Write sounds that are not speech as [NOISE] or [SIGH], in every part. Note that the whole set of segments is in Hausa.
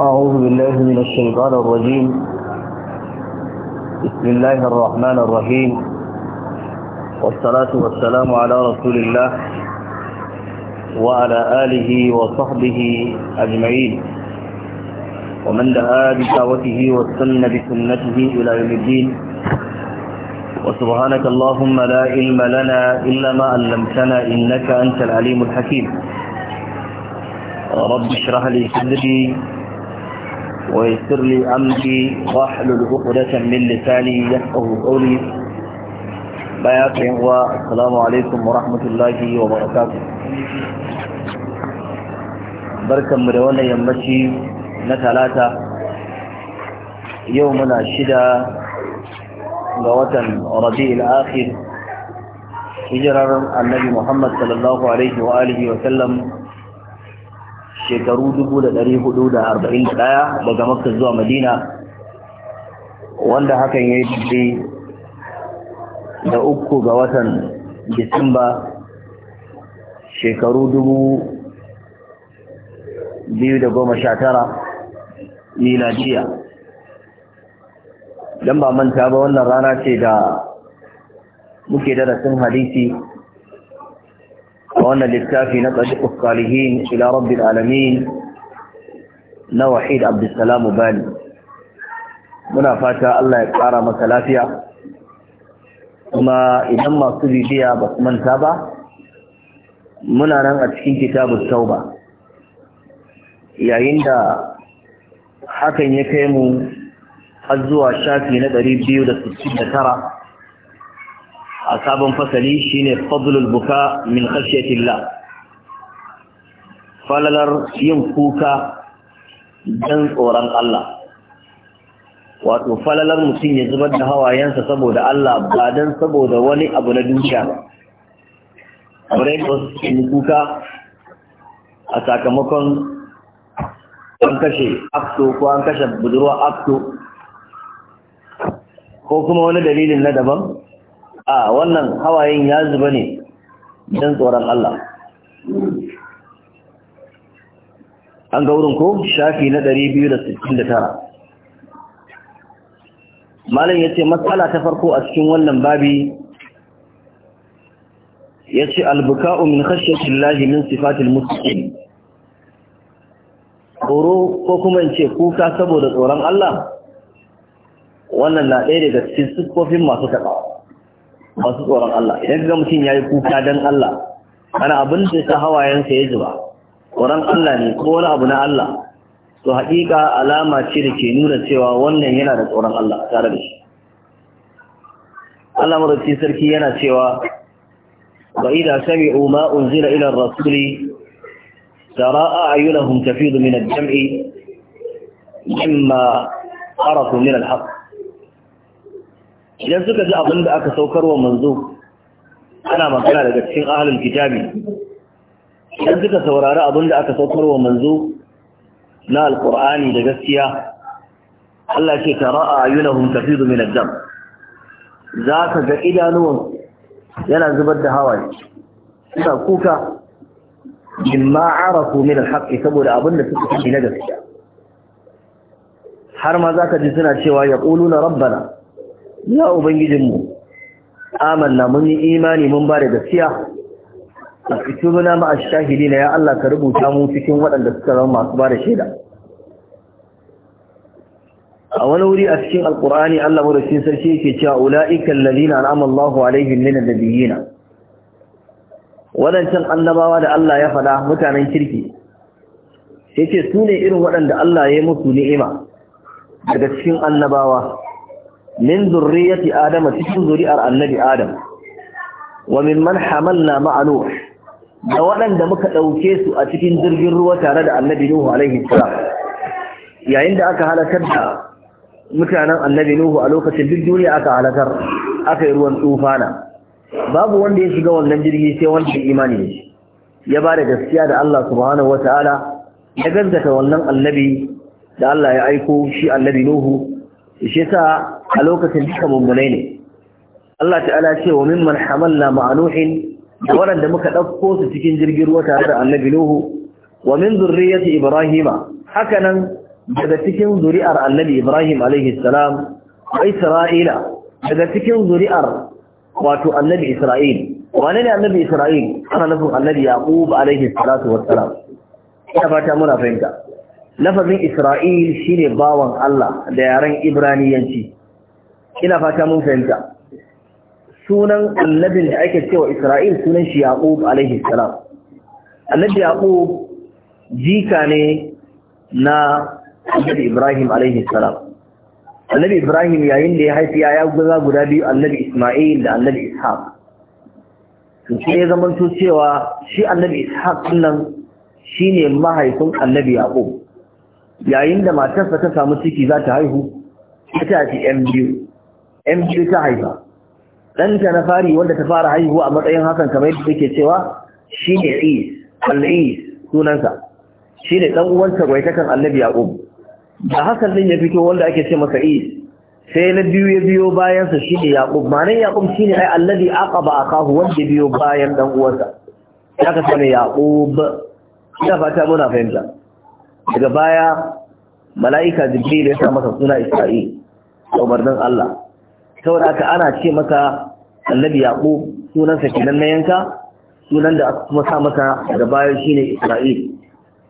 أعوذ بالله من الشيطان الرجيم بسم الله الرحمن الرحيم والصلاة والسلام على رسول الله وعلى آله وصحبه أجمعين ومن دعا بدعوته واستن بسنته إلى يوم الدين وسبحانك اللهم لا علم لنا إلا ما علمتنا إنك أنت العليم الحكيم رب اشرح لي صدري ويسر لي أمري واحلل عقدة من لساني يفقه قولي بياك والسلام عليكم ورحمة الله وبركاته بركة مرونة يمشي نتالاتا يومنا الشدة قوة ربيع الآخر hijirar النبي محمد صلى الله عليه وآله وسلم shekaru 441 daga makka zuwa madina wanda hakan ya yi da uku ga watan disamba shekaru 2019 miladiya don ba manta ba wannan rana ce da muke darasin hadisi وأن للكافي نطلق الصالحين إلى رب العالمين na wahid abdulsalamu bani muna fata Allah ya ƙara masa lafiya kuma idan masu bibiya ba su manta ba muna nan a cikin kitabun tauba yayin da hakan ya kai mu har zuwa shafi na da tara. a sabon fasali shi ne fadlul buka min khashyatillah falalar yin kuka don tsoron Allah wato falalar mutum ya zubar da hawayensa saboda Allah ba don saboda wani abu na dukiya ba kamar yadda wasu suke kuka a sakamakon an kashe akto ko an kashe budurwa akto ko kuma wani dalilin na daban a wannan hawayen ya zuba ne don tsoron Allah an ga wurin ko shafi na 269 malam ya ce matsala ta farko a cikin wannan babi ya ce albuka'u min khashyati llahi min sifatil muslimin tsoro ko kuma in ce kuka saboda tsoron Allah wannan na ɗaya daga cikin sukofin masu taɓawa masu tsoron Allah idan ga mutum yi kuka dan Allah ana abin da ta hawayensa ya zuba tsoron Allah ne ko wani abu na Allah to haƙiƙa alama ce da ke nuna cewa wannan yana da tsoron Allah tare da shi Allah madaukakin sarki yana cewa wa idza sami'u ma unzila ila rasuli tara a'yunahum tafidu min ad-dam'i mimma arafu min al-haqq idan suka ji abin da aka saukar wa manzo ana magana daga cikin ahalin kitabi idan suka saurari abin da aka saukar wa manzo na alkur'ani da gaskiya Allah ce tara a ayyunahum tafidu min ad za ka ga idanuwan yana zubar da hawaye suna kuka mimma arafu min saboda abin da suka ci na gaskiya har ma za ka ji suna cewa ya na rabbana ya ubangijinmu amanna mun yi imani mun ba da gaskiya a fituna ma ashahidi na ya Allah ka rubuta mu cikin waɗanda suka zama masu ba da shaida a wani wuri a cikin alkur'ani Allah madaukakin sarki yake cewa ulaika alladhina an'ama Allahu alaihim minan nabiyyin wadancan annabawa da Allah ya faɗa, mutanen kirki yace su ne irin waɗanda Allah ya musu ni'ima daga cikin annabawa min zurriyati adama cikin zuri'ar annabi adam wa mimman hamalna ma'a da waɗanda muka ɗauke su a cikin jirgin ruwa tare da annabi nuhu alaihi salam yayin da aka halakar da mutanen annabi nuhu a lokacin duk duniya aka halakar aka yi ruwan tsufana babu wanda ya shiga wannan jirgi sai wanda imani ne ya ba da gaskiya da Allah subhanahu wata'ala ya gaskata wannan annabi da Allah ya aiko shi annabi nuhu shi yasa a lokacin duka mummunai ne Allah ta'ala ce wa mimman hamalna ma'anuhin da waɗanda muka ɗauko su cikin jirgin ruwa tare da annabi Nuhu wa min zurriyyati Ibrahima hakanan daga cikin zuri'ar annabi Ibrahim alaihi salam wa Isra'ila daga cikin zuri'ar wato annabi Isra'il wane ne annabi Isra'il ana nufin annabi Yaqub alaihi salatu wassalam ina fata muna fahimta lafazin isra'il shine bawan Allah da yaren ibraniyanci ina fata mun fahimta sunan annabin da ake cewa isra'il sunan shi yaqub alaihi salam annabi yaqub jika ne na annabi ibrahim alaihi salam annabi ibrahim yayin da ya haifi ya guza guda biyu annabi isma'il da annabi ishaq to ya zamanto cewa shi annabi ishaq nan shine mahaifin annabi yaqub yayin da matarsa ta samu ciki za ta haihu Ta tafi yan biyu yan biyu ta haifa ɗanta na fari wanda ta fara haihuwa a matsayin hakan kamar yadda take cewa shi ne is al sunansa shi ne ɗan uwansa gwaitakan annabi yaqub da hakan ɗin ya fito wanda ake ce masa is sai na biyu ya biyo bayansa shi ne yaƙub manan yaƙub shi ne ai allazi a kahu wanda biyo bayan dan uwansa ya ka sani yaƙub ina fata muna fahimta daga baya mala'ika jibril ya sa masa suna isra'il umarnin Allah saboda aka ana ce maka annabi Yaƙo, sunansa kenan na yanka sunan da aka kuma sa masa daga baya shine isra'il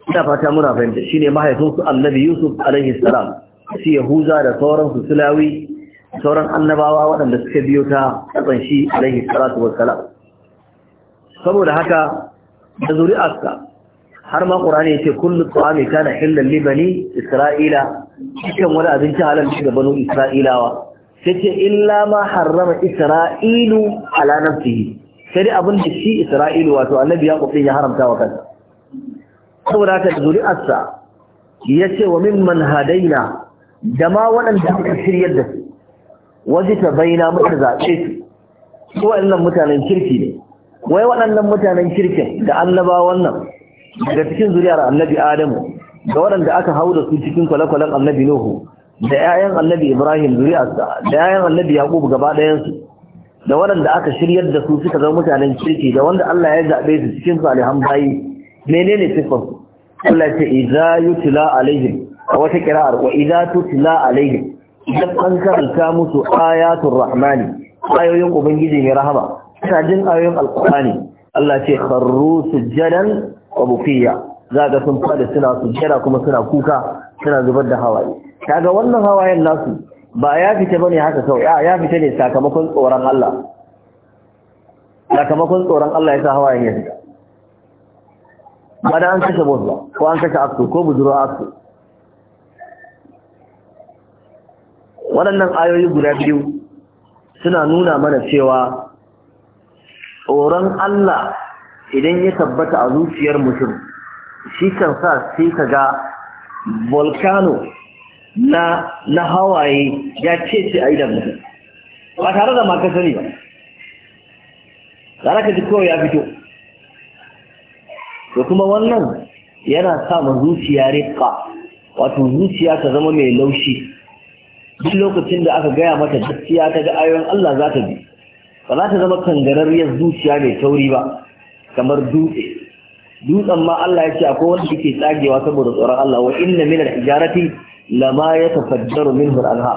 ina fata muna fahimta shine mahaifinsu annabi yusuf alaihi salam shi yahuza da sauran su sulawi sauran annabawa waɗanda suka biyo ta ƙasan shi alaihi salatu salam saboda haka da zuri'arsa har ma ya ce kullu ta'ami kana hillan libani isra'ila cikin wani abinci halal ga banu isra'ilawa yace illa ma harrama isra'ilu ala nafsihi sai abin da shi isra'ilu wato annabi ya haramta wa kansa saboda ta zuri'arsa ce wa min hadaina da ma waɗanda shirya shiryar da su waje ta bayyana muka zaɓe su waɗannan mutanen kirki ne wai waɗannan mutanen kirkin da annabawan wannan? daga cikin zuriyar annabi adamu da waɗanda aka hau da su cikin kwale-kwalen annabi nuhu da 'ya'yan annabi ibrahim zuriyarsa da 'ya'yan annabi yaqub gaba ɗayansu da waɗanda aka shiryar da su suka zama mutanen kirki da wanda Allah ya zaɓe su cikin salihan bayi menene sifar Allah ce idza yutla alaihim a wata kira'ar wa idza tutla alaihim idan an karanta musu ayatul rahmani ayoyin ubangiji mai rahama sajin ayoyin alqur'ani Allah ce kharru sujjadan wa za ga sun fada suna sujjera kuma suna kuka suna zubar da hawaye kaga wannan hawayen nasu ba ya fita bane haka kawai a ya fita ne sakamakon tsoron Allah sakamakon tsoron Allah ya sa hawayen ya fita ba da an kashe bozwa ko an kashe aksu ko budurwa aksu waɗannan ayoyi guda biyu suna nuna mana cewa tsoron Allah idan ya tabbata a zuciyar mutum shi kan sa sai ka ga volcano na hawaye ya ce ce a idan mutum ba tare da maka sani ba tare ka ji kawai ya fito da kuma wannan yana sa ma zuciya rikka wato zuciya ta zama mai laushi duk lokacin da aka gaya mata gaskiya ta ga ayoyin Allah za ta bi ba za ta zama kangararriyar zuciya mai tauri ba kamar dutse dutsen ma Allah ya ce akwai wanda yake tsagewa saboda tsoron Allah wa inna min al-hijarati lama yatafaddaru minhu al anha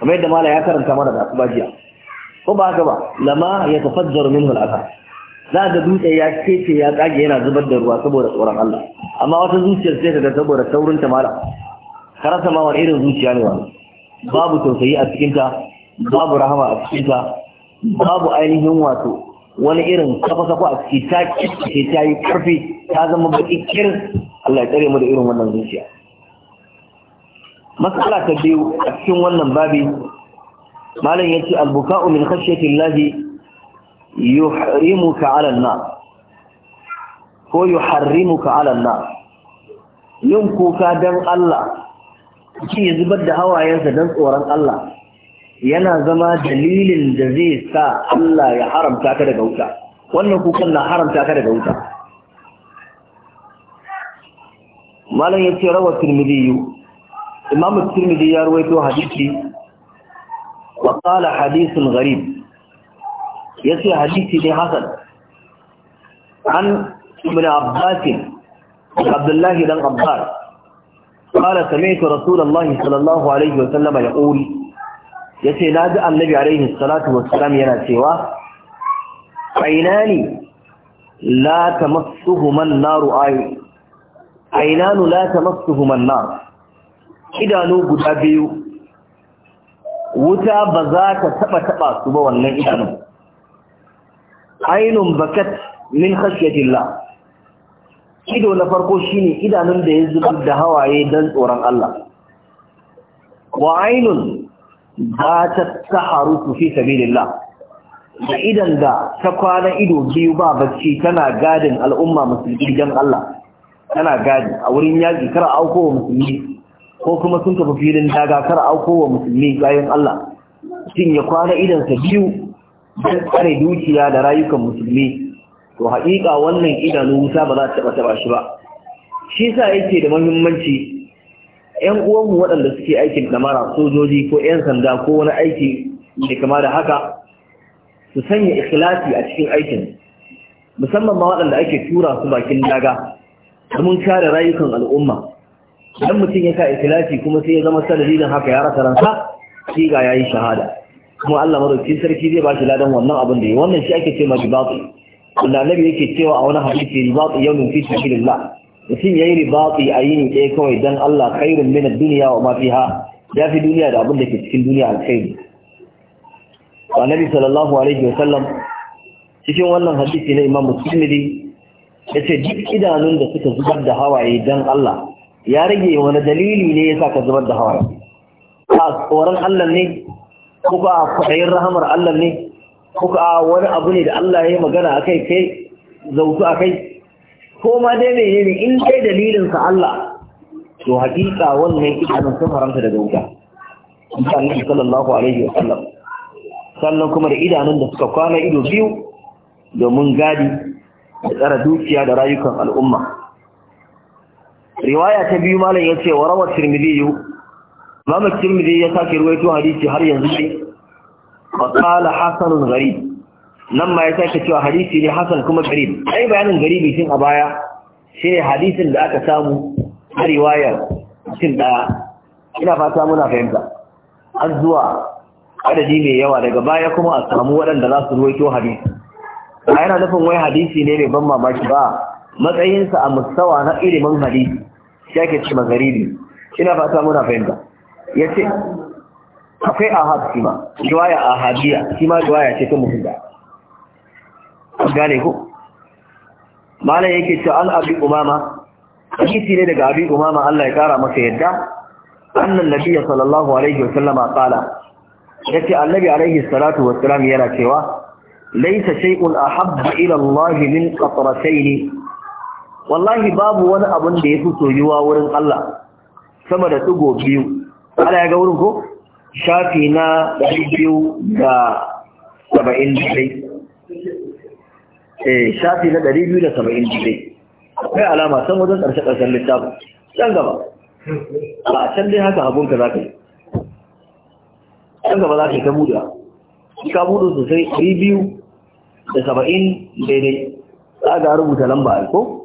kamar yadda mala ya karanta mana da asuba jiya ko ba haka ba lama yatafaddaru minhu al anha za ga dutse ya kece ya tsage yana zubar da ruwa saboda tsoron Allah amma wata zuciyar sai ta ga saboda saurin ta mala karasa ma wani irin zuciya ne wani babu tausayi a cikinta babu rahama a cikinta babu ainihin wato wani irin kafa-kafa a ciki ta ta yi karfi ta zama baki kirin Allah ya tsare mu da irin wannan zuciya matsala ta biyu a cikin wannan babi malam ya ce albuka'u min khashyati llahi yuhrimuka 'ala an na, ko na, yin kuka dan Allah ki zubar da hawayensa don tsoron Allah yana zama dalilin da zai sa Allah ya haramta ka daga wuta wannan kukan na haramta ka daga wuta malam ya ce rawar turmidi yiwu imam turmidi ya ruwaito hadisi wa qala hadisun gharib ya ce hadisi ne hasan an ibn abbas abdullahi dan abbas قال سمعت رسول الله صلى الله عليه وسلم يقول ya ce na ji annabi alaihi salatu Wasalam yana cewa ainani la masu an-naru ay ainanu la tamassuhuma an-nar idanu guda biyu wuta ba za ta taba taba su ba wannan idanun ainun bakat min khashyatillah ido na farko shine idanun da ya zubar da hawaye don tsoron Allah wa ainun ba ta taharu fi sabilillah da idan da ta kwana ido biyu ba bacci tana gadin al'umma musulmi don Allah tana gadi a wurin yaji kar auko wa musulmi ko kuma sun tafi filin daga kar auko wa musulmi bayan Allah shin ya kwana idansa biyu don tsare dukiya da rayukan musulmi to haƙiƙa wannan idanu wuta ba za ta taɓa shi ba shi sa yake da muhimmanci yan uwanmu waɗanda suke aikin ɗamara sojoji ko yan sanda ko wani aiki mai kama da haka su sanya ikhlasi a cikin aikin musamman ma waɗanda ake tura su bakin daga domin kare rayukan al'umma idan mutum ya sa ikhlasi kuma sai ya zama sanadin haka ya rasa ransa shi ga yayi shahada kuma Allah madaukakin sarki zai ba shi ladan wannan abin da yi wannan shi ake ce ma ribatu wanda annabi yake cewa a wani hadisi ribatu yawmin fi sabilillah mutum yi ribati a yini ɗaya kawai dan Allah khairun min ad wa mafi fiha ya fi duniya da abin da ke cikin duniya alkhairi annabi sallallahu alaihi wa sallam cikin wannan hadisi na Imam Tirmidhi yace duk idanun da suka zubar da hawaye dan Allah ya rage wani dalili ne sa ka zubar da hawaye a tsoron Allah ne kuk'a ba kwaɗayin rahamar Allah ne kuk'a ka wani abu ne da Allah ya yi magana akai kai zautu akai ko ma dai ne ne in dai dalilin sa Allah to hakika wannan idanun sun haramta daga wuta insha Allah sallallahu alaihi wa sallam kuma da idanun da suka kwana ido biyu domin gadi da tsara dukiya da rayukan al'umma riwaya ta biyu malam ya ce wa rawar tirmidhi imam tirmidhi ya sake ruwaito hadisi har yanzu ne wa qala hasanun gharib nan ma ya sake cewa hadisi ne hasan kuma garibi ai bayanin garibi shin a baya shine hadisin da aka samu a riwayar tun daya ina fata muna fahimta har zuwa adadi mai yawa daga baya kuma a samu waɗanda za su ruwaito hadisi a yana nufin wai hadisi ne mai ban mamaki ba matsayinsa a mustawa na ilimin hadisi shi ake ce garibi ina fata muna fahimta ya ce akwai ahad shi ma riwaya ahadiya shi ma riwaya ce ta mutum da gane ko malam yake cewa an abi umama hadisi ne daga abi umama Allah ya kara masa yadda annan nabi sallallahu alaihi wasallam qala yace annabi alaihi salatu wassalam yana cewa laysa shay'un ahabba ila Allah min qatratayn wallahi babu wani abun da yafi soyuwa wurin Allah sama da tugo biyu Allah ya ga wurin ko shafi na biyu da 270 Eh, shafi na 270 jirai akwai alama san wajen ƙarshe ƙarshen littafi can gaba a can dai haka abunka za ka yi can gaba za ka yi ta buɗa ka buɗe sosai 270 daidai za ka rubuta lamba ko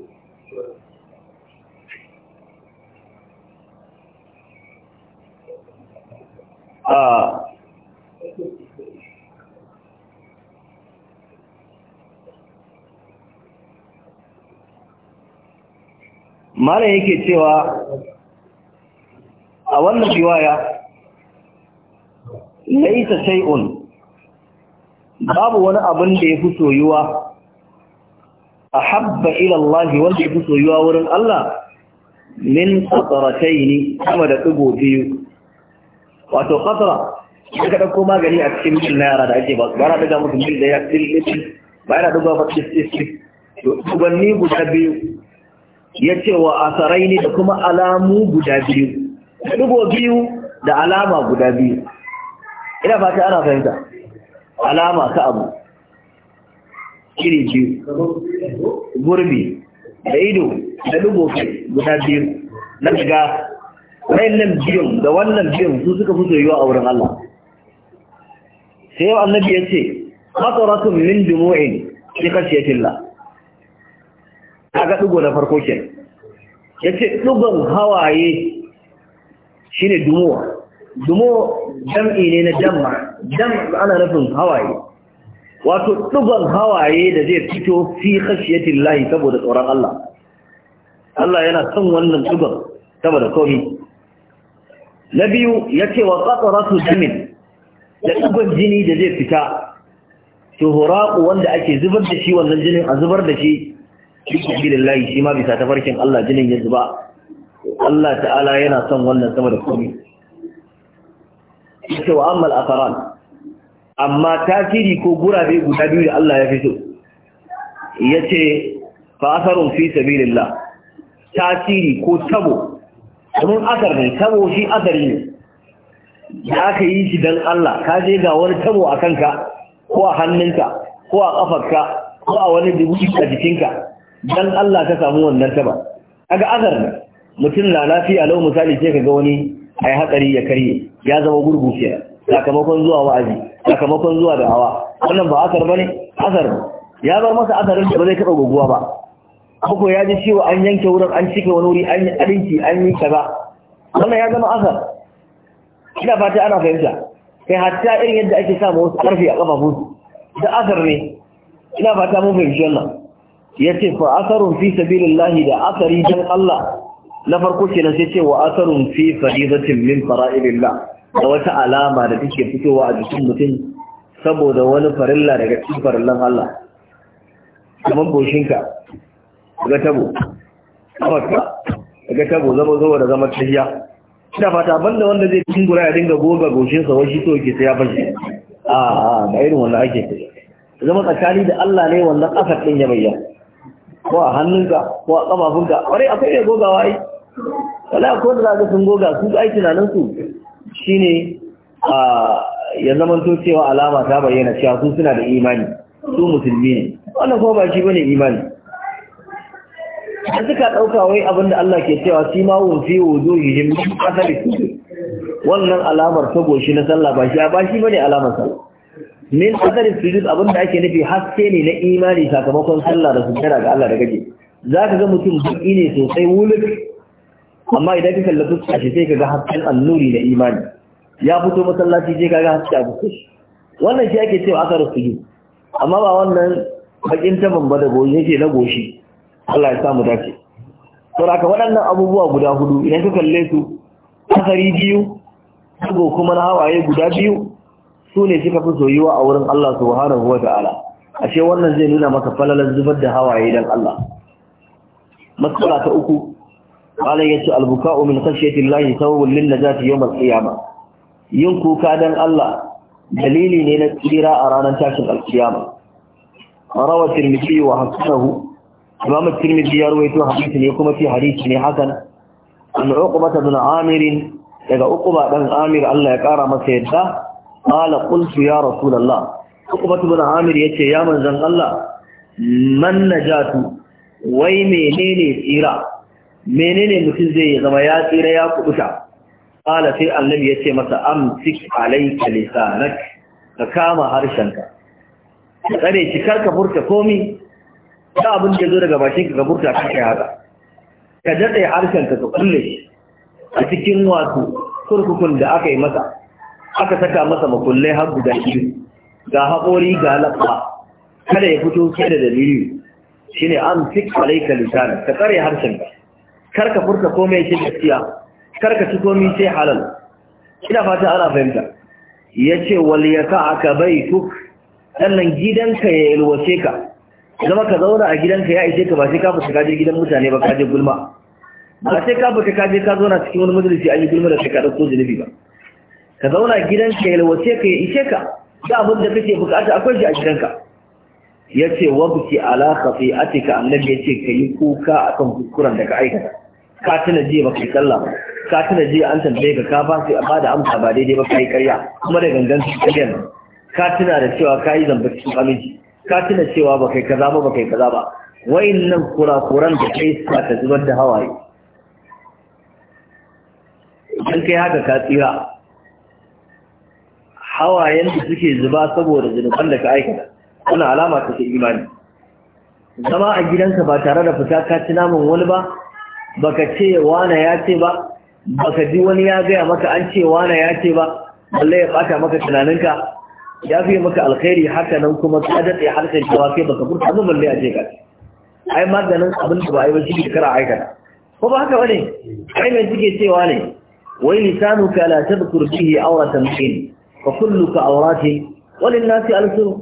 malam yake cewa a wannan riwaya laisa shay'un babu wani abin da yafi soyuwa ahabba ila Allah wanda yafi soyuwa wurin Allah min qatratayn kuma da dugo biyu wato qatra ka kuma magani a cikin bil na yara da ake ba ba na daga mutum bil da ya bil ba na dugo fa tis to dubanni guda biyu ya ce wa asaraini da kuma alamu guda biyu dubo biyu da alama guda biyu ina fata ana fahimta alama ta abu kiri biyu gurbi da ido da dubo guda biyu na daga wayannan biyun da wannan biyun su suka fito yiwa a wurin Allah sai yau annabi ya ce matsaratun min dumu'in fi Allah kaga ɗigo na farko ke yace ce hawaye shine ne dumuwa dumo jam'i ne na damma dam ana nufin hawaye wato ɗigon hawaye da zai fito fi khashiyatin lahi saboda tsoron Allah Allah yana son wannan ɗigon saboda komi na biyu ya ce wa ƙasaratu jamin da ɗigon jini da zai fita tuhuraku wanda ake zubar da shi wannan jinin a zubar da shi shi sabilin shi ma bisa tafarkin Allah jinin ya zuba Allah ta'ala yana son wannan sama da komai ita wa ammal asaran amma tasiri ko gurabe guda biyu da Allah ya fito yace fa asarun fi sabilillah tasiri ko tabo domin asar ne tabo shi asari ne da aka yi shi dan Allah ka je ga wani tabo a kanka ko a hannunka ko a kafarka ko a wani dubu a jikinka dan Allah ka samu wannan taba kaga azar ne mutum na lafiya lau misali sai kaga wani ai hatsari ya karye ya zama gurgu ke sakamakon zuwa wa'azi sakamakon zuwa da da'awa wannan ba asar bane asar ya bar masa asarin da ba zai taba guguwa ba ko ya ji cewa an yanke wurin an cike wani wuri an yi arinki an yi kaza wannan ya zama asar ina fata ana fahimta kai hatta irin yadda ake samu wasu karfi a kafafun da asar ne ina fata mun fahimci wannan yace fa asarun fi sabilillahi da asari dan Allah na farko kenan sai ce wa asarun fi faridatin min fara'ilillah da wata alama da take fitowa a jikin mutum saboda wani farilla daga cikin farillan Allah kamar boshinka daga tabo kafarka daga tabo zama zuwa da zama tahiya ina fata banda wanda zai dingura ya dinga goga goshinsa wai shi to yake sai ya bashi a a da irin wannan ake zama tsakani da Allah ne wannan asar din ya bayyana ko a hannunka ko a kamafunka, kwarai akwai ne gogawa yi. wala ko da zaka sun goga su ai nan su shine a ya zamanto cewa alama ta bayyana cewa su suna da imani su musulmi ne wannan ko ba shi bane imani da suka dauka wai abinda Allah ke cewa shi ma wun fi wujuhihim min qasari wannan alamar ta goshi na sallah ba shi ba shi bane alamar sallah min azari sujud abin da ake nufi haske ne na imani sakamakon sallah da sujjara ga Allah da gaje Za ka ga mutum baki ne sosai wuluk amma idan ka kalla fuska shi sai kaga hasken annuri da imani ya fito masallaci sai kaga haske a fuska wannan shi ake cewa azari sujud amma ba wannan bakin ta bamba da goyi yake na goshi Allah ya samu dace to haka waɗannan abubuwa guda hudu idan ka kalle su asari biyu ko kuma na hawaye guda biyu su ne suka fi soyuwa a wurin Allah subhanahu wa ta'ala ashe wannan zai nuna maka falalar zubar da hawaye dan Allah matsala ta uku malam yace albuka'u min khashyati llahi sawbun lin najati yawm al yin kuka dan Allah dalili ne na tsira a ranar tashin alkiyama. qiyamah tirmidhi wa hasanahu imam tirmidhi ya rawaito hadisi ne kuma fi hadisi ne hakan an uqbata bin amir daga uqba dan amir Allah ya kara masa yadda qala qultu ya rasulullah Uqbat ibn Amir yace ya manzan Allah man wai menene tsira menene mutum zai zama ya tsira ya kubuta qala sai annabi yace masa amsik alayka lisanak ka kama harshenka kare ki karka furta komi ta abin da zo daga bakin ka furta kake haka ka dade harshenka ka kulle shi a cikin wato kurkukun da aka yi masa aka saka masa makullai har guda biyu ga haƙori ga laƙa kada ya fito sai da dalili shine an fik alayka lisan ka kare harshen ka kar ka furta komai sai gaskiya kar ka ci komai sai halal ina fata ana fahimta yace wal yaka'aka baituk sannan gidanka ya yalwace ka zama ka zauna a gidanka ya ishe ka ba sai ka fita kaje gidan mutane ba kaje gulma ba sai ka fita kaje ka zauna cikin wani majalisi an yi gulma da sai ka ko zunubi ba ka zauna gidanka lawace ka ya ishe ka da abin da kake bukata akwai shi a gidanka ya ce wabki ala khafi atika annabi ya ce ka yi kuka akan kuskuren da ka aikata ka tuna je ba kai sallah ba ka tuna je an tambaye ka ka ba a ba da amsa ba daidai ba ka yi karya kuma da gangan karyan ka tuna da cewa ka yi zamba cikin aminci ka tuna cewa ba kai kaza ba ba kai kaza ba nan kurakuran da kai suka ta zubar da hawaye idan kai haka ka tsira hawayen da suke zuba saboda zunuban da ka aikata wani alama ta imani zama a gidansa ba tare da fita ka ci namun wani ba baka ce wane ya ce ba baka ji wani ya gaya maka an ce wane ya ce ba balle ya bata maka tunaninka ya fiye maka alkhairi haka nan kuma ka daɗe harkar cewa kai baka furta ba balle a ce ka ai maganin abin da ba a yi ba shi ne kara aikata ko ba haka ne? Kai mai suke cewa ne wai lisanuka la tadhkur bihi awratan min fa kulluka awrati walin nasi alsu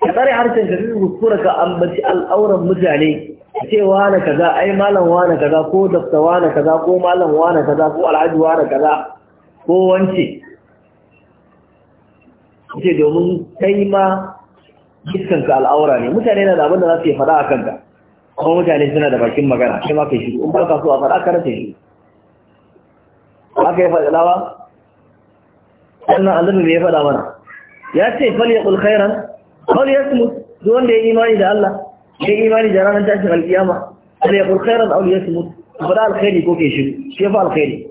ka tsare harshen ka duk kuskura ka ambaci al'auran mutane ce wane kaza ai malam wane kaza ko dafta wane kaza ko malam wane kaza ko alhaji wane kaza ko wance ce domin kai ma dukkanka al'aura ne mutane na da abin da za su yi fada a kanka kuma mutane suna da bakin magana kai ma kai shiru in ba ka so a faɗa ka rasa shiru ba ka yi faɗa wannan annabi ne ya faɗa mana ya ce fal yaqul khairan fal yasmut duk wanda ya imani da Allah ya imani da ranar tashin alkiyama fal yaqul khairan aw yasmut fara alkhairi ko ke shi ke fa alkhairi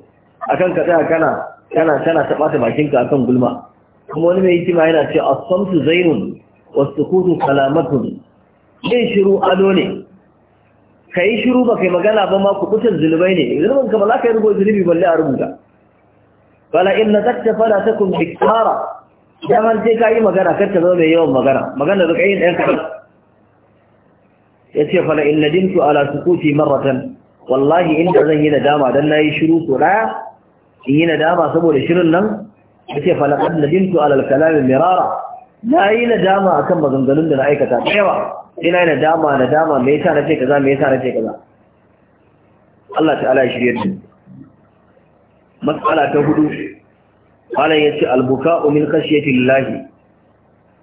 akan ka tsaya kana kana kana ta bakin ka akan gulma kuma wani mai hikima yana ce as-samtu zainun was-sukutu salamatun yin shiru ado ne kai shiru ba kai magana ba ma ku kutar zulubai ne zulubin ka ba za ka yi rubuta zulubi balle a rubuta fala in nazakta fala takum bikara dan har sai kai magana kar ta zama mai yawan magana magana da kai ɗan kaɗan yace fala in nadimtu ala sukuti marratan wallahi inda zan yi nadama dan nayi shiru ko daya in yi nadama saboda shirin nan yace fala qad nadimtu ala al-kalam mirara nayi nadama akan maganganun da na aikata cewa ina nadama nadama me yasa nace kaza me yasa nace kaza Allah ta'ala ya shirye mu matsala ta hudu malam ya ce albuka umin khashyatin lahi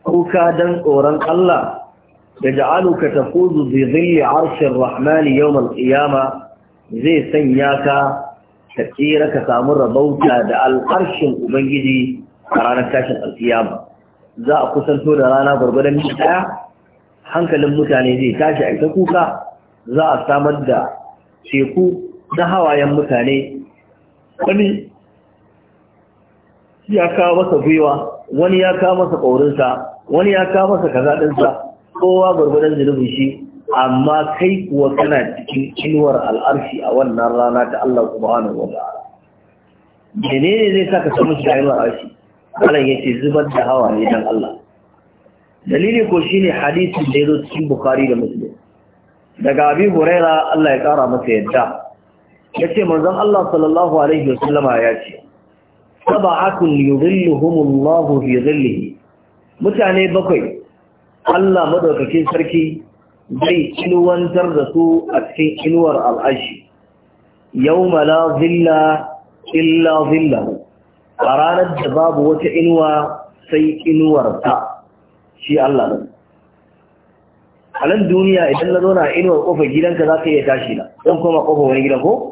kuka dan tsoron Allah da ka tafuzu bi dhilli arshir rahmani yau malƙiyama zai sanya ka ta tsira ka samu rabauta da al'arshin ubangiji a ranar tashin alkiyama za a kusanto da rana gwargwadon mita ɗaya? hankalin mutane zai tashi a ita kuka za a samar da teku na hawayen mutane wani ya kawo masa gwiwa wani ya kawo masa ƙorinsa wani ya kawo masa kazaɗinsa kowa gwargwadon zunubin shi amma kai kuwa kana cikin inuwar al'arshi a wannan rana ta Allah subhanahu wa ta'ala menene zai sa ka samu shi inuwar arshi Allah ya ce zubar da hawa ne dan Allah dalili ko shi ne hadisin da ya zo cikin Bukhari da Muslim daga abin Huraira Allah ya ƙara masa yadda Ya yace manzon Allah sallallahu alaihi wasallama ya ce sab'atun yudhilluhumullahu fi dhillihi mutane bakwai Allah madaukakin sarki zai inuwantar da su a cikin inuwar al'ashi yau la zilla illa zilla, a ranar da babu wata inuwa sai inuwar shi Allah nan. a nan duniya idan na zo na inuwar kofar gidanka za ka iya tashi na don koma kofar wani gidan ko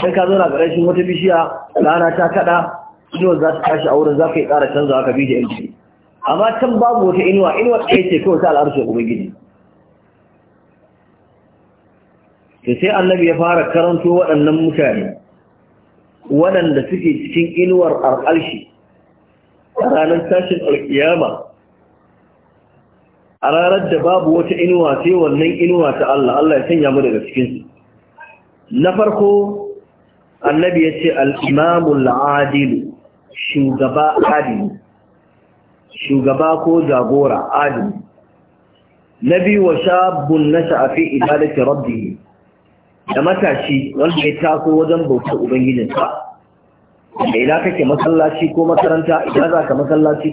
sai ka zauna ƙarƙashin wata bishiya rana ta kaɗa inuwar za ta tashi a wurin za ka yi ƙara canza ka bi da yanci amma can babu wata inuwa inuwa ɗaya ce kawai ta al'arshe gini. to sai annabi ya fara karanto waɗannan mutane waɗanda suke cikin inuwar al'arshe a ranar tashin alƙiyama a ranar da babu wata inuwa sai wannan inuwa ta Allah Allah ya sanya mu daga cikinsu na farko annabi ya ce Al'imamu adilu shugaba adilu shugaba ko jagora adilu na biyu wa shabun na sha'afi ibadati rabbi da matashi wanda ya taso wajen bautar ubangijinsa da ina kake masallaci ko makaranta idan za ka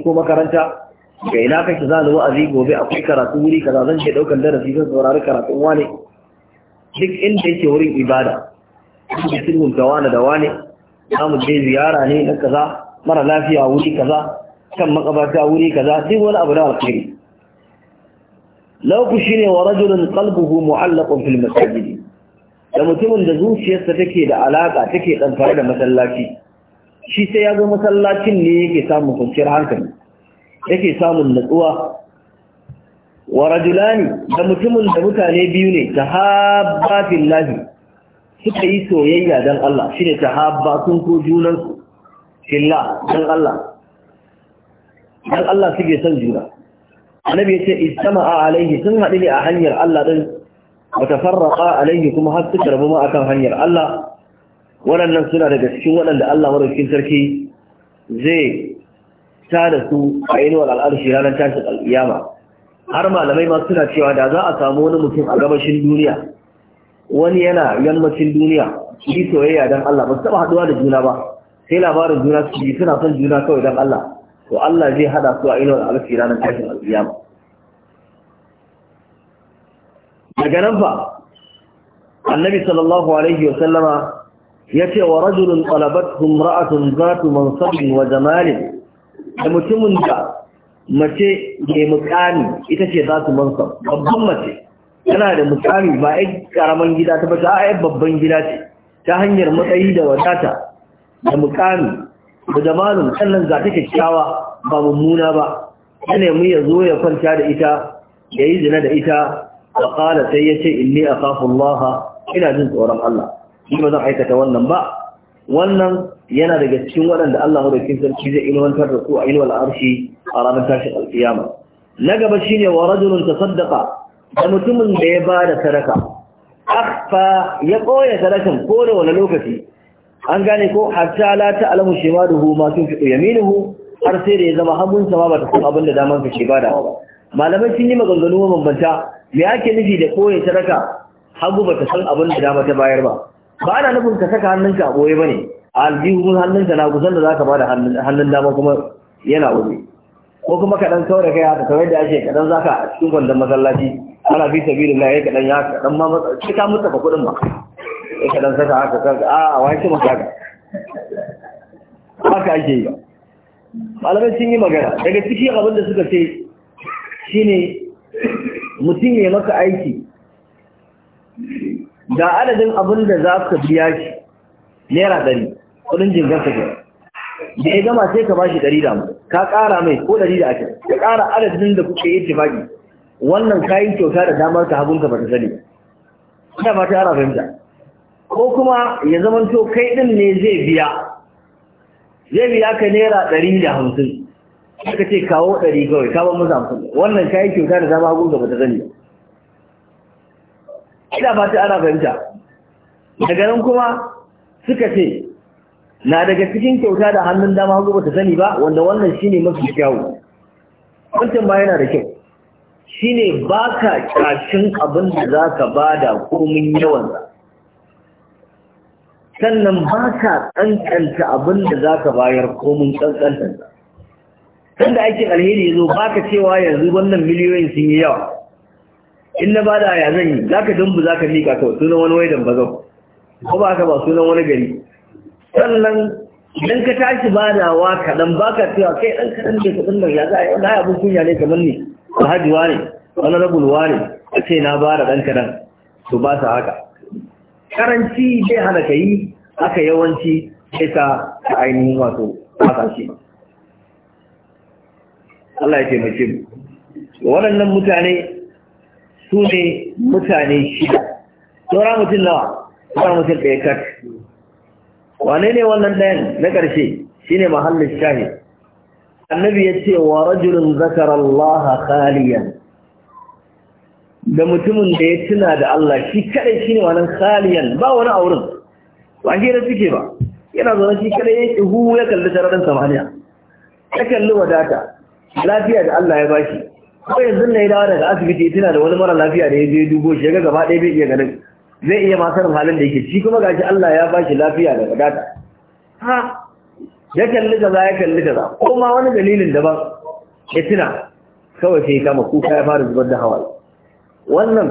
ko makaranta ga ina kake za wa'azi gobe akwai karatu wuri ka zan ke daukan darasi zan saurari karatun wane duk inda yake wurin ibada da sulhun da wani da wani za je ziyara ne na kaza mara lafiya wuri kaza kan makabarta wuri kaza duk wani abu na alkhairi lauku shine wa rajulun qalbuhu mu'allaqun fil masajid da mutumin da zuciyarsa take da alaka take fara da masallaci shi sai ya zo masallacin ne yake samun kwanciyar hankali yake samun natsuwa wa rajulani da mutumin da mutane biyu ne tahabba fillahi suka yi soyayya dan Allah shine tahabba sun ko junansu su fillah dan Allah dan Allah suke son juna annabi yace a alaihi sun haɗu ne a hanyar Allah din watafarraqa alaihi kuma har suka rabu ma akan hanyar Allah waɗannan suna daga cikin waɗanda Allah maraukin sarki zai ta da su a inuwar al'arshi ranar tashin al'iyama har malamai ma suna cewa da za a samu wani mutum a gabashin duniya wani yana yammacin duniya shi soyayya don Allah ba su taɓa haɗuwa da juna ba sai labarin juna su yi suna son juna kawai don Allah to Allah zai haɗa su a inuwar alfi ranar tashin alƙiyama daga nan fa annabi sallallahu alaihi wa sallama ya ce wa rajulun talabat humra'atun zatu mansabin wa jamalin da mutumin da mace mai mukami ita ce za su mansa babban mace tana da mukami ba ya karaman gida ta bata a babban gida ce ta hanyar matsayi da wadata da mukami da jamalun sannan za ta kyakkyawa ba mummuna ba ya nemi ya zo ya kwanta da ita ya yi zina da ita da kala sai ya ce inni a kafin ina jin tsoron Allah ni ba zan aikata wannan ba wannan yana daga cikin waɗanda Allah madaukakin sarki zai ilmantar da su a ilwal arshi a ranar tashin alkiyama na gaba shine wa rajulun Saddaka da mutumin da ya bada sadaka akhfa ya koya sadakan ko da wani lokaci an gane ko hatta alamu ta'lamu shimaduhu ma tunfiqu yaminuhu har sai da ya zama hagunsa ma ta san abin da daman ka shiga da ba malamai sun yi maganganu mabambanta me ake nufi da koya sadaka hagu bata san abin da dama ta bayar ba ba ana nufin ka saka hannunka a ɓoye ba ne aljihun hannunka na kusan da za ka ba da hannun dama kuma yana waje ko kuma ka ɗan kawai da kai haka kamar yadda ake kaɗan za ka a cikin kwandon masallaci ana fi sabi da ya kaɗan ya kaɗan ma sai ka mutu ka kuɗin ma, ya kaɗan saka haka kan a a wani ce maka haka haka ake yi malamai sun yi magana daga cikin abin da suka ce shine mutum ya maka aiki ga adadin abin da za ka biya shi naira ɗari kudin jirgin ka kenan da ya gama sai ka ba shi ɗari da mu ka ƙara mai ko ɗari da ashirin ka ƙara adadin da kuka yi tifaki wannan kayan kyauta da damar ka hagun ka ba ta sani ina ba ta yara fahimta ko kuma ya zama to kai ɗin ne zai biya zai biya ka naira ɗari da hamsin suka ce kawo ɗari kawai ka ba musu hamsin wannan kayan kyauta da damar hagun ka ba ta sani ina fata ana fahimta daga nan kuma suka ce na daga cikin kyauta da hannun dama hagu ba ta sani ba wanda wannan shine mafi kyawu wancan ba yana da kyau shine ba ka kashin abin da za ka ba da komin za? sannan ba ka tsankanta abin da za ka bayar komin tsankantansa da aikin alheri ya zo ba ka cewa yanzu wannan miliyoyin sun yi yawa in na bada ya zan yi za ka dumbu za ka miƙa kawai sunan wani wai dambazau ko ba ka ba sunan wani gari sannan idan ka tashi wa kaɗan ba ka cewa kai ɗan kaɗan da kaɗan da ya za a yi wani abin kunya ne kamar ni ba wa ne wani wa ne a ce na bada ɗan kaɗan to ba su haka karanci zai hana ka yi haka yawanci sai a ainihin wato haka shi Allah ya taimake mu waɗannan mutane su ne mutane shida tsoron mutum nawa tsoron mutum ɗaya kat wane ne wannan ɗayan na ƙarshe shi ne mahallin shahi annabi ya ce wa rajulun zakar Allah khaliyan da mutumin da ya tuna da Allah shi kaɗai shi ne wannan khaliyan ba wani a wurin. ba hira suke ba yana zaune shi kaɗai ya ihu ya kalli sararin samaniya ya kalli wadata lafiya da Allah ya bashi ko yanzu na yi dawo daga asibiti tana da wani mara lafiya da ya je dubo shi ga gaba ɗaya bai iya ganin zai iya ma halin da yake shi kuma gashi Allah ya bashi lafiya da wadata ha ya kalli kaza ya kalli kaza ko ma wani dalilin daban ya tuna kawai sai kama kuka ya fara zubar da hawaye wannan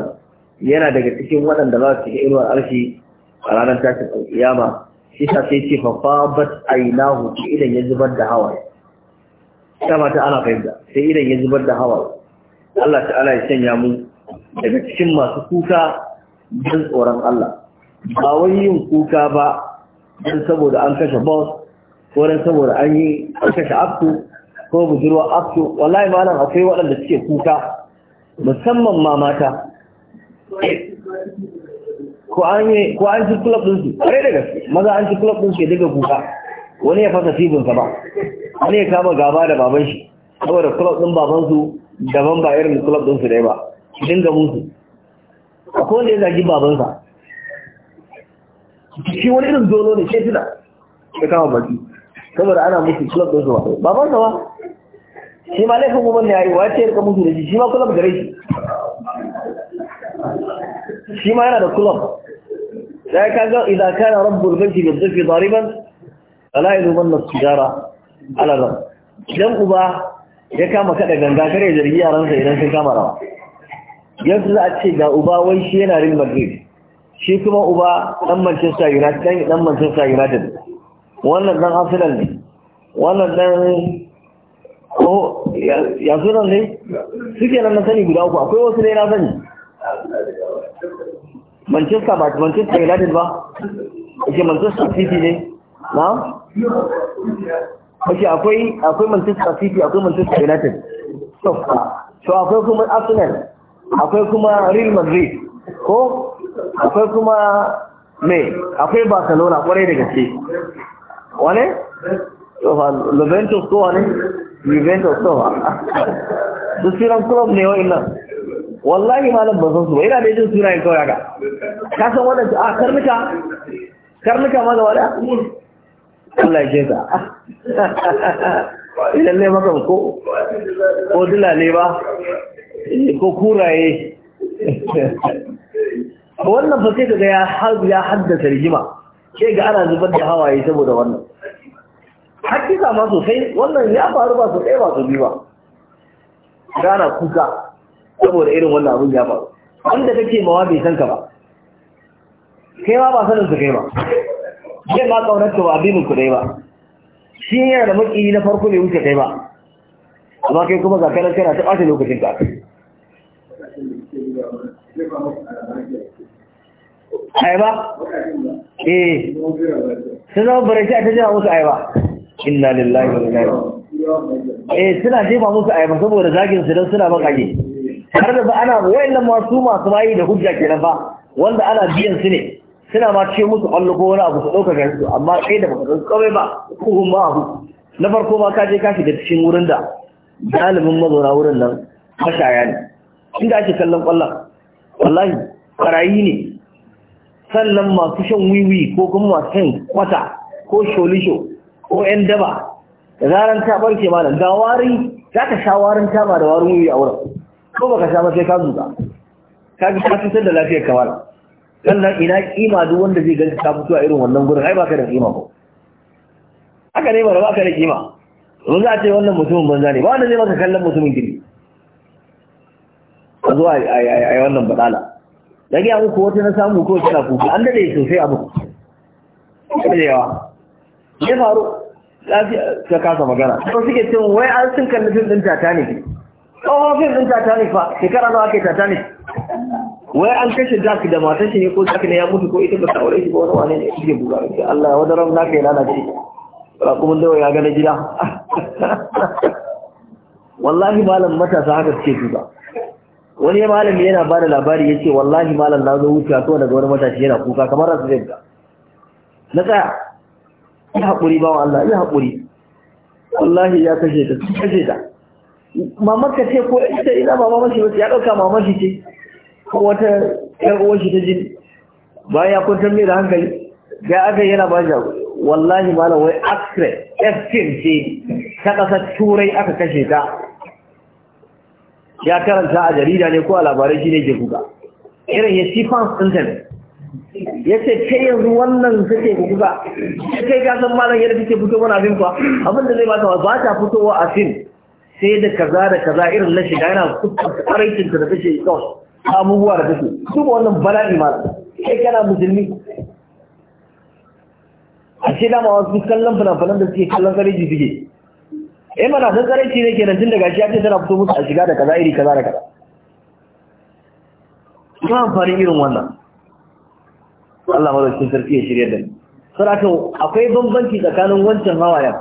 yana daga cikin waɗanda za su irin arshi a ranar tashin alƙiyama shi ta sai ce fa fabat ainahu idan ya zubar da hawaye ta ana fahimta sai idan ya zubar da hawaye Allah ta'ala ya sanya mu daga cikin masu kuka don tsoron Allah ba wai yin kuka ba don saboda an kashe boss ko don saboda an yi an kashe abtu ko budurwa abtu wallahi nan akwai waɗanda suke kuka musamman ma mata ko an ci club din su kare daga su. maza an ci club din su ya daga kuka wani ya fasa tibin ba wani ya kama gaba da baban shi saboda club din baban su daban ba irin club din su dai ba idan ga musu akwai wanda ya zagi babansa shi wani irin zolo ne sai tuna Sai kama baki saboda ana musu club din su ba babansa ba shi ma laifin kuma ne yayi wace ya rika musu da shi shi ma club gare shi shi ma yana da club sai ka ga idan kana rabbul banki bi dhafi dariban ilu yumanna tijara ala rabb idan uba ya kama kada ganga kare zargi yaransa idan sun kama rawa yanzu za a ce ga uba wai shi yana Real Madrid shi kuma uba dan Manchester United dan dan Manchester United wannan dan Arsenal ne wannan dan ko ya sunan ne suke nan na sani guda uku akwai wasu ne na sani Manchester ba Manchester United ba ke Manchester City ne na kashi akwai akwai Manchester City akwai Manchester United So, to akwai kuma Arsenal akwai kuma Real Madrid ko akwai kuma me akwai Barcelona kwarai da gaske wane So, Juventus ko wane Juventus to su siran club ne nan wallahi malam ba san su ba ina da jin sunayen kawai ga ka san wadanda a ah, karnuka karnuka ma da da Allah ya ta. [LAUGHS] idan ne makon ko ko dila ne ba eh, ko kuraye [LAUGHS] wannan fa sai daga ya haddasa rigima sai ga ana zubar da hawaye saboda wannan hakika ma sosai wannan ya faru ba su tsaye ba su biyu ba gana kuka saboda irin wannan abin ya faru wanda kake mawa bai san ka ba kai ma ba sanin su kai ba kai ma kaunar ka ba abinin ku dai ba shi yana da maki na farko mai wuce kai ba amma kai kuma ga kanan kana ta ɓata lokacin ka ayaba eh sun zama barashi a ta musu ayaba inna lillahi wa inna eh suna jefa musu ayaba saboda zagin su don suna bakage har da ba ana wayannan masu masu mayi da hujja kenan ba wanda ana biyan su ne suna ma ce musu allo ko wani abu su ɗauka gari su amma kai da baka kawai ba kuhun ma abu na farko ma ka je kashi da cikin wurin da galibin mazauna wurin nan mashaya ne inda ake kallon kwallon, wallahi ƙarayi ne sannan masu shan wiwi ko kuma masu shan kwata ko sholisho ko 'yan daba da zaran ta barke mana, ga wari za ka sha warin tama da warin wiwi a wurin ko baka sha ba sai ka zuba ka ga ka da lafiyar kamar. sannan ina kima duk wanda zai gani ta mutuwa irin wannan gurin ai baka da kima ba haka ne ba ba ka da kima mun za a ce wannan mutumin banza ne ba wanda zai maka kallon mutumin gidi ka zo a yi wannan badala da gaya muku wata na samu ko tana kuka an dade sosai abu ne yawa ya faru ta kasa magana to suke cin wai an sun kalli fim din titanic tsohon fim din titanic fa shekara nawa ake titanic wai an kashe Jack da matar shi ne ko Jack ne ya mutu ko ita ba ta aure shi ba wani wani ne yake buga shi Allah wani ran na kai lana shi ba kuma da ya ga na gida [LAUGHS] wallahi malam matasa haka suke duba wani malami yana ba da labari ya ce wallahi malam na zo wuce to daga wani matashi yana kuka kamar rasu zai na tsaya ya haƙuri bawan Allah ya haƙuri wallahi ya kashe ta kashe ta mamar ka ce ko ita ina mama mashi ya ɗauka mama shi ce ko wata ƴan uwar shi ta ji bayan ya kwantar mai da hankali ga aka yana ba shi wallahi malam wai akre eskin ce ta ƙasa turai aka kashe ta ya karanta a jarida ne ko a labarai shi ne ke kuka irin ya ci fans ya ce kai yanzu wannan take kuka ya kai gasar malam yadda take fito mana abin kuwa abin da zai bata ba ta fitowa a fim sai da kaza da kaza irin na shiga yana kuka tsaraicin ta da take kawai abubuwa da take duba wannan bala'i ma kai kana musulmi a ce dama wasu kallon fina-finan da suke kallon kareji suke eh mana san kareji ne kenan tun daga shi ya ce tana fito musu a shiga da kaza iri kaza da kaza ina amfani irin wannan Allah madaukakin sarki ya shirya da ni saraka akwai bambanci tsakanin wancan hawayen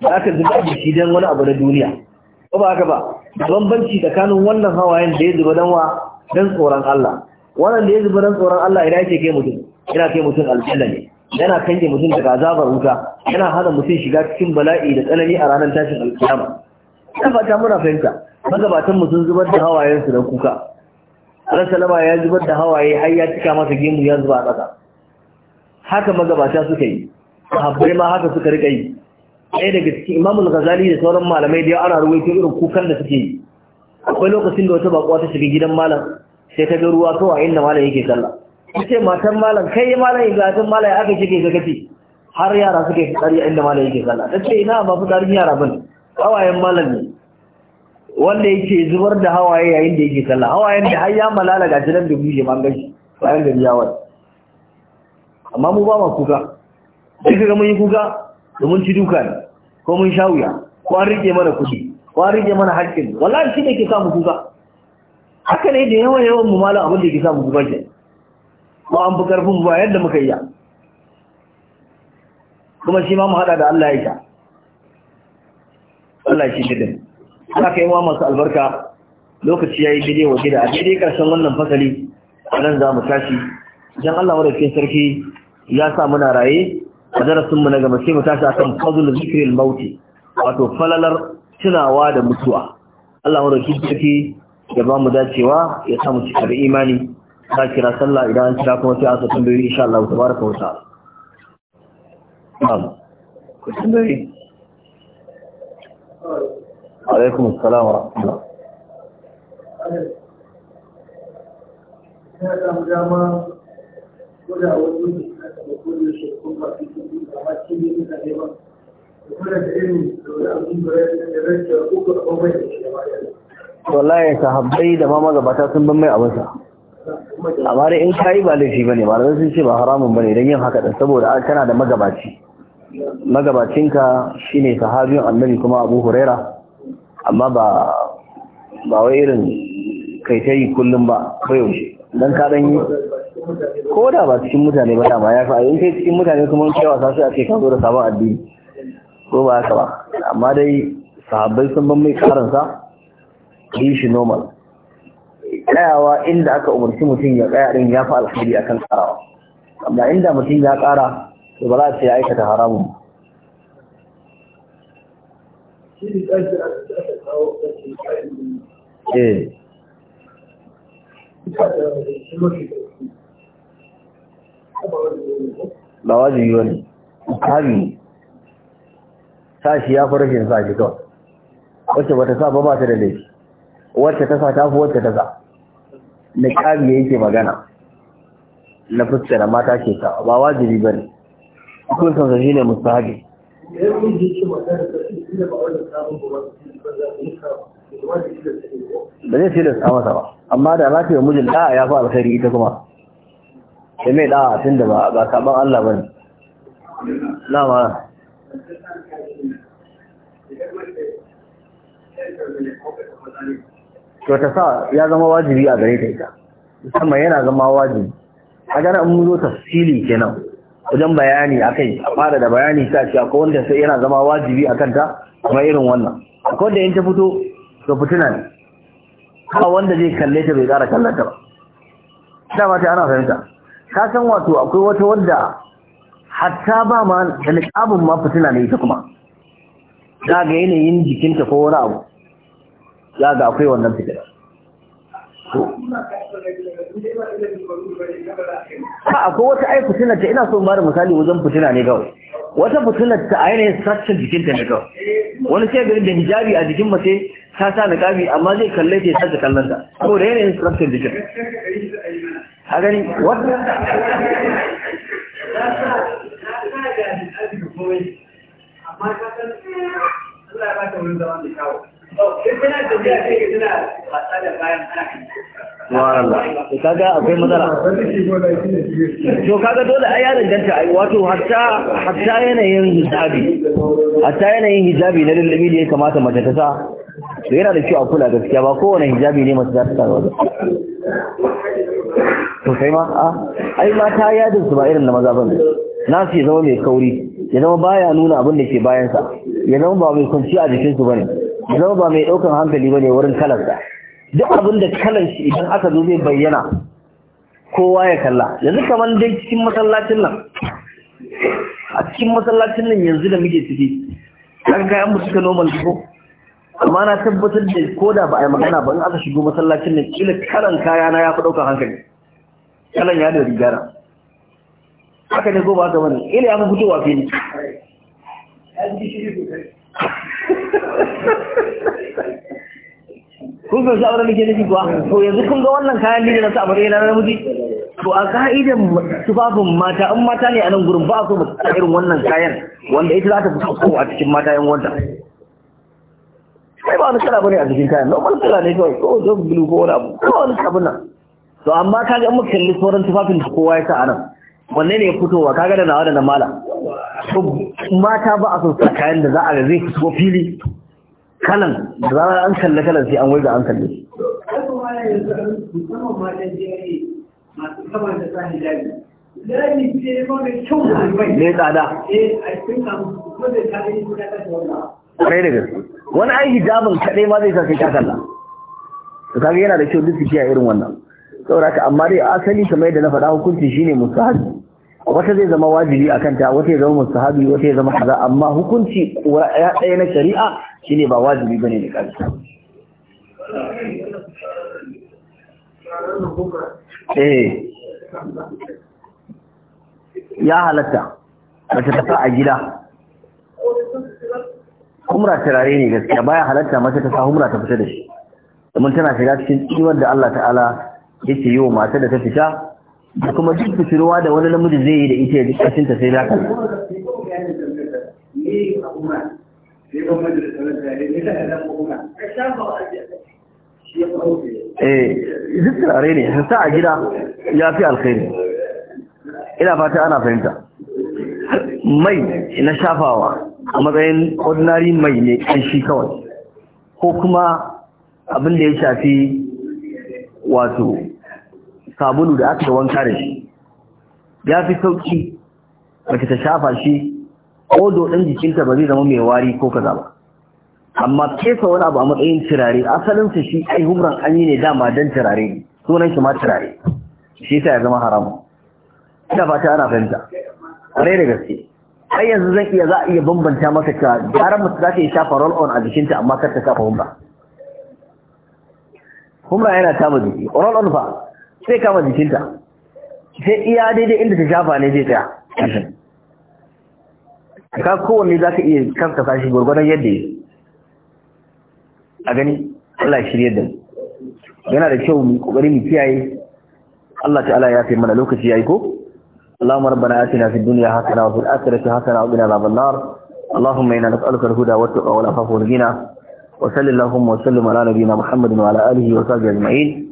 da aka zuba da shi don wani abu na duniya ko ba haka ba bambanci tsakanin wannan hawayen da ya zuba don wa dan tsoron Allah wannan da ya zuba dan tsoron Allah idan yake kai mutum yana kai mutum aljanna ne yana kange mutum daga azabar wuta yana hana mutum shiga cikin bala'i da tsanani a ranar tashin alkiyama ina fata muna fahimta magabatan mu sun zubar da hawayen su da kuka Allah salama ya zubar da hawaye har ya cika masa gemu ya zuba a ƙasa haka magabata suka yi sahabbai ma haka suka rika yi ɗaya daga cikin imamul ghazali da sauran malamai da ana ruwaito irin kukan da suke yi akwai lokacin da wata bakuwa ta shiga gidan malam sai ta ga ruwa kawai inda malam yake sallah ce matan malam kai malam ibrahim malam ya aka ce kai har yara suka yi tsari inda malam yake sallah ta ce ina ba fitarin yara bane hawayen malam ne wanda yake zubar da hawaye yayin da yake sallah hawayen da har ya malala ga jiran da buje man gashi bayan gari ya wata amma mu ba ma kuka sai ga mun yi kuka domin ci duka ne ko mun sha wuya ko an rike mana kuɗi kwari je mana haƙƙin wallahi shi ne ke samu guba haka ne da yawan yawan mu malam abin da ke samu guba ke ko an fi karfin ba yadda muka yi kuma shi ma mu haɗa da Allah ya sha Allah shi ne din haka yi wa masu albarka lokaci ya yi daidai wa gida a daidai ƙarshen wannan fasali a nan za mu tashi idan Allah ke sarki ya sa muna raye a darasinmu na gaba sai mu tashi akan fadlul zikril mauti wato falalar tunawa da mutuwa Allah madauki ciki ya ba mu dacewa ya samu cika da imani ta kira sallah idan an kira kuma sai a sassan biyu insha Allah ta wa ta'ala alaikum assalam wa rahmatullah samu dama ko da wani da kuma shi kuma ba su yi da ba wallahi sahabbai da ma magabata sun ban mai wasa amma dai in yi ba laifi bane ba sun ce ba haramun bane don yin haka din saboda kana da magabaci magabacinka shine sahabiyun annabi kuma abu huraira amma ba ba wai irin kai ta yi kullum ba ko yaushe dan ka dan yi ko da ba cikin mutane ba dama ya fi in kai cikin mutane kuma in kai wasa sai a ce ka zo da sabon addini ko ba haka ba amma dai sahabbai sun ban mai karansa yi shi normal kayawa inda aka umarci mutum ya tsaya din ya fi alkhairi akan karawa amma inda mutum ya kara to ba za a ce ya aikata haramun eh ba wajibi wani sashi ya fi rashin shi kawai wacce ba ta sa ba ba ta da laifi wacce ta sa ta fi wacce ta sa na ƙari yake magana na fuskara mata ke sa ba wajibi ba ne kun san shi ne mustahabi ba zai tilasta masa ba amma da za wa mujin mijin da'a ya fi alkhairi ita kuma Ya mai da'a tun da ba ba saban Allah ba ne na ma to ta sa ya zama wajibi a gare ta ita musamman yana zama wajibi a gana in mun zo tafsili kenan wajen bayani akai a fara da bayani ta ce akwai wanda sai yana zama wajibi a kanta kuma irin wannan akwai wanda in ta fito to fitina ne ba wanda zai kalle ta bai kara kallon ta ba dama ta ana fahimta ka san wato akwai wata wanda hatta ba ma da liƙabin ma fitina ne ita kuma za ga yanayin jikinta ko wani abu za ga akwai wannan fitar a akwai wata ai fitilar ta ina so in bada misali wajen fitina ne kawai wata fitilar ta a yanayin sassan jikinta ne kawai wani sai gari da hijabi a jikin mace ta sa niqabi amma zai kalle ta sai ta kallon ta da yanayin sassan jikin a gani wata sa ta san eh, Allah ya baka wurin zaman da kawo to kaga akwai matsala to kaga dole ai ya danganta ai wato hatta hatta yanayin hijabi hatta yanayin hijabi na lullubi da ya kamata mace ta sa to yana da kyau a kula gaskiya ba kowane hijabi ne mace za ta sa ba to kai ma a ai mata yadin su ba irin na maza bane nasu ya zama mai kauri ya zama baya nuna abin da ke bayansa ya zama ba mai kwanci a jikinsu ba ne ya zama ba mai ɗaukan hankali ba ne wurin kalarsa duk abin da kalar shi idan aka zo zai bayyana kowa ya kalla yanzu kamar dai cikin masallacin nan a cikin masallacin nan yanzu da muke ciki kan kayan mu suka normal ko amma na tabbatar da ko da ba a yi magana ba in aka shigo masallacin nan kila kalan kaya na ya fi ɗaukar hankali kalan ya da rigara haka ne ko ba haka bane ila ya fi fitowa fili an ji shiri sosai kun fahimci da ke nufi kuwa ko yanzu kun ga wannan kayan lili na sa abu na namiji to a ka'idan tufafin mata an mata ne a nan gurin ba su so mu tsara irin wannan kayan wanda ita za ta fito ko a cikin mata yan wanda sai ba wani kala bane a cikin kayan normal kala ne kawai ko zo bulu ko wani abu ko wani abu nan to amma kaga an muka kalli sauran tufafin da kowa ya sa a nan wanne ne ya fitowa kaga da nawa da na mala mata ba a so sa kayan da za a zai fito fili kanan da zarar an kalle kalan sai an wai da an kalle ne tsada da wani ai hijabin kaɗai ma zai sa kakalla ka kaga yana da kyau duk su kiyaye irin wannan saboda haka amma dai asali kamar yadda na faɗa hukunci shine musahabi wata zai zama wajibi a kanta wata ya zama musahabi wata ya zama kaza amma hukunci ya ɗaya na shari'a shine ba wajibi ne da kansa eh ya halatta mace ta a gida humra turare ne gaskiya baya halatta mace ta sa humra ta fita da shi domin tana shiga cikin tsiwar da Allah ta'ala yake yi wa mata da ta fita da kuma duk kusurwa da wani namiji zai yi da ita ya duk ta sai za ka eh duk turare ne sun a gida ya fi alkhairi ina fata ana fahimta mai na shafawa a matsayin ordinary mai ne shi kawai ko kuma abin da ya shafi wato sabulu da aka wanka da shi ya fi sauki mace ta shafa shi Ko ɗin jikinta ba zai zama mai wari ko kaza ba amma kesa wani abu a matsayin turare asalinsa shi ai humran an yi ne dama don turare ne sunan shi ma turare shi yasa ya zama haramu ina fata ana fahimta ƙwarai da gaske Ai yanzu zan iya za a iya bambanta maka ta gara mutu za ta yi shafa roll on a jikinta amma kar ta shafa humra humra yana tamu jiki roll on fa sai kama jikinta sai iya daidai inda ta shafa ne zai tsaya ka kowanne za ka iya kanka sashi gwargwadon yadda yi a gani Allah shirya da yana da kyau mu kokari mu kiyaye Allah ta'ala ya fi mana lokaci yayi ko اللهم ربنا آتنا في الدنيا حسنة وفي الآخرة حسنة وقنا عذاب النار اللهم إنا نسألك الهدى والتقى والعفاف والغنى وصل اللهم وسلم على نبينا محمد وعلى آله وصحبه أجمعين